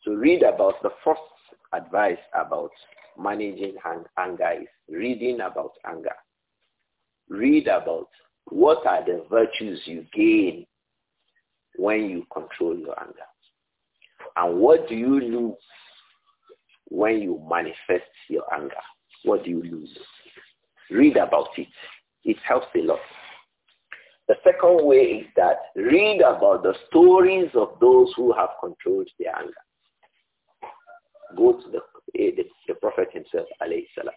Speaker 1: So read about the first advice about managing anger is reading about anger. Read about what are the virtues you gain when you control your anger. And what do you lose when you manifest your anger? What do you lose? Read about it. It helps a lot. The second way is that read about the stories of those who have controlled their anger. Go to the, eh, the, the Prophet himself, alayhi salam.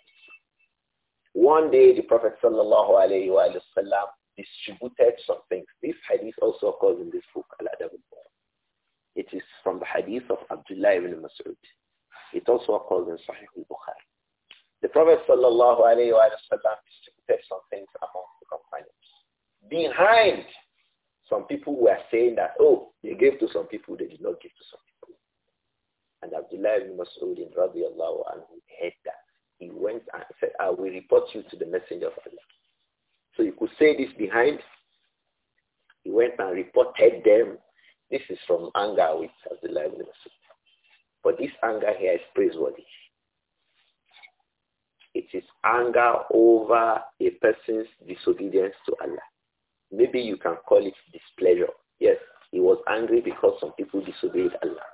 Speaker 1: One day the Prophet sallallahu alayhi wa sallam distributed some things. This hadith also occurs in this book, al Adabul al-Bukhari. is from the hadith of Abdullah ibn Mas'ud. It also occurs in Sahih al-Bukhari. The Prophet sallallahu alayhi wa sallam distributed some things among the companions. Behind, some people were saying that, oh, they gave to some people, they did not give to some and Abdullah ibn Mas'ud radiallahu anhu heard that. He went and said, I ah, will report you to the messenger of Allah. So you could say this behind. He went and reported them. This is from anger with Abdullah ibn Mas'ud. But this anger here is praiseworthy. It is anger over a person's disobedience to Allah. Maybe you can call it displeasure. Yes, he was angry because some people disobeyed Allah.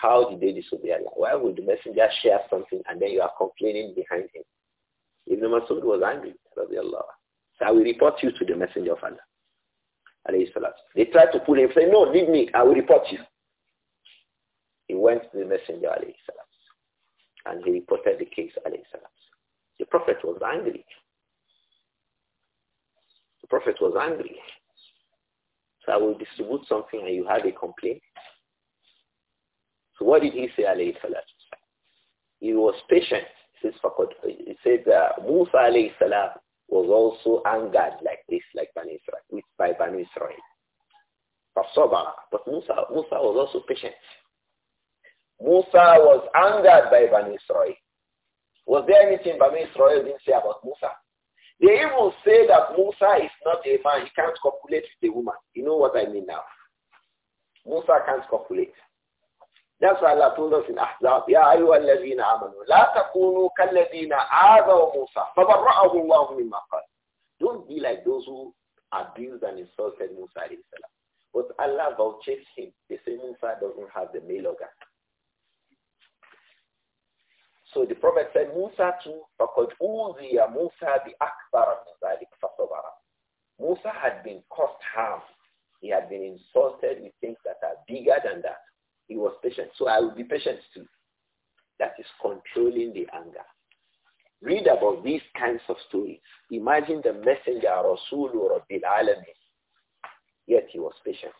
Speaker 1: How did they disobey Allah? Why would the messenger share something and then you are complaining behind him? Ibn Masud was angry, radiallahu So I will report you to the messenger of Allah. They tried to pull him, say, no, leave me, I will report you. He went to the messenger, alayhi and he reported the case, The prophet was angry. The prophet was angry. So I will distribute something and you have a complaint. So what did he say, alayhi salam? He was patient. He said uh, Musa, alayhi salam, was also angered like this, like Bani Israel, with, by Bani Israel. But Musa, Musa was also patient. Musa was angered by Bani Israel. Was there anything Bani Israel didn't say about Musa? They even say that Musa is not a man. He can't copulate with a woman. You know what I mean now. Musa can't copulate. That's why Allah told us يَا أَيُّهَا الَّذِينَ آمَنُوا لَا تَكُونُوا كَالَّذِينَ آذَوْا مُوسَى فَبَرَّأَهُ اللَّهُ مِمَّا قَالَ Don't be like those who abused and insulted موسى عليه السلام But Allah vouches him. They say موسى doesn't have the male organ. So the Prophet said, موسى too, فَقَدْ أُوذِيَ مُوسَى بِأَكْبَرَ مِنْ ذَلِكَ فَصَبَرَ موسى had been caused harm. He had been insulted with things that are bigger than that. He was patient. So I will be patient too. That is controlling the anger. Read about these kinds of stories. Imagine the messenger, Rasul Rabbil Alamin. Yet he was patient.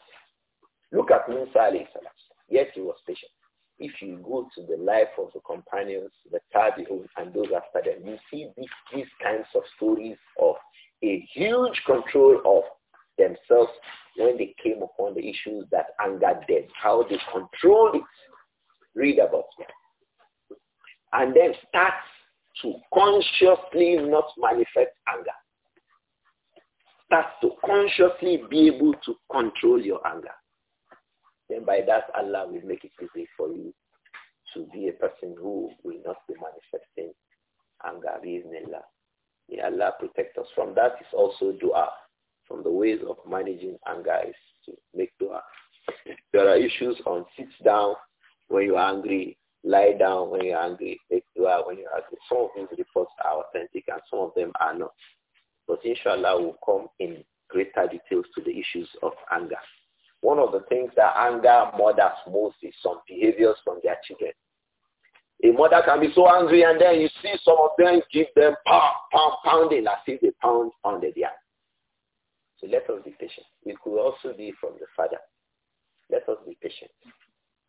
Speaker 1: Look at Musa salam. Yet he was patient. If you go to the life of the companions, the Tabi'un and those after them, you see these, these kinds of stories of a huge control of themselves when they came upon the issues that angered them, how they controlled it. Read about that, And then start to consciously not manifest anger. Start to consciously be able to control your anger. Then by that, Allah will make it easy for you to be a person who will not be manifesting anger. May Allah protect us from that. It's also dua from the ways of managing anger is to make dua. There are issues on sit down when you are angry, lie down when you are angry, make dua when you are angry. Some of these reports are authentic and some of them are not. But inshallah will come in greater details to the issues of anger. One of the things that anger mothers most is some behaviors from their children. A mother can be so angry and then you see some of them give them pound, pound, pounding as if they pound on the so let us be patient. It could also be from the Father. Let us be patient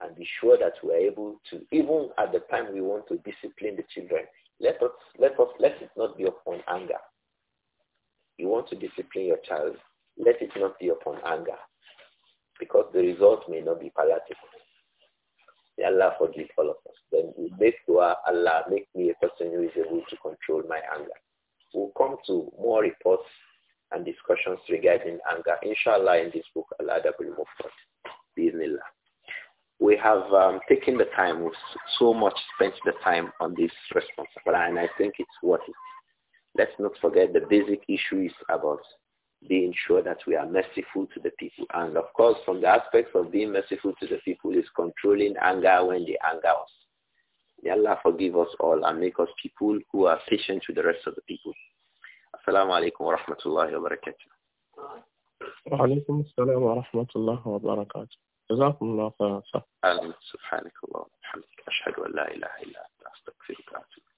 Speaker 1: and be sure that we are able to, even at the time we want to discipline the children, let us let us let it not be upon anger. You want to discipline your child, let it not be upon anger, because the result may not be palatable. May Allah forgive all of us. Then we make dua, Allah make me a person who is able to control my anger. We'll come to more reports and discussions regarding anger, inshallah, in this book, Al-Adabul Mufrad, Bismillah. We have um, taken the time, we've so much spent the time on this response, and I think it's worth it. Let's not forget the basic issue is about being sure that we are merciful to the people. And of course, from the aspects of being merciful to the people is controlling anger when they anger us. May Allah forgive us all and make us people who are patient to the rest of the people. السلام عليكم ورحمة الله وبركاته وعليكم السلام ورحمة الله وبركاته جزاكم الله خيرا سبحانك اللهم وبحمدك أشهد أن لا إله إلا أنت أستغفرك وأتوب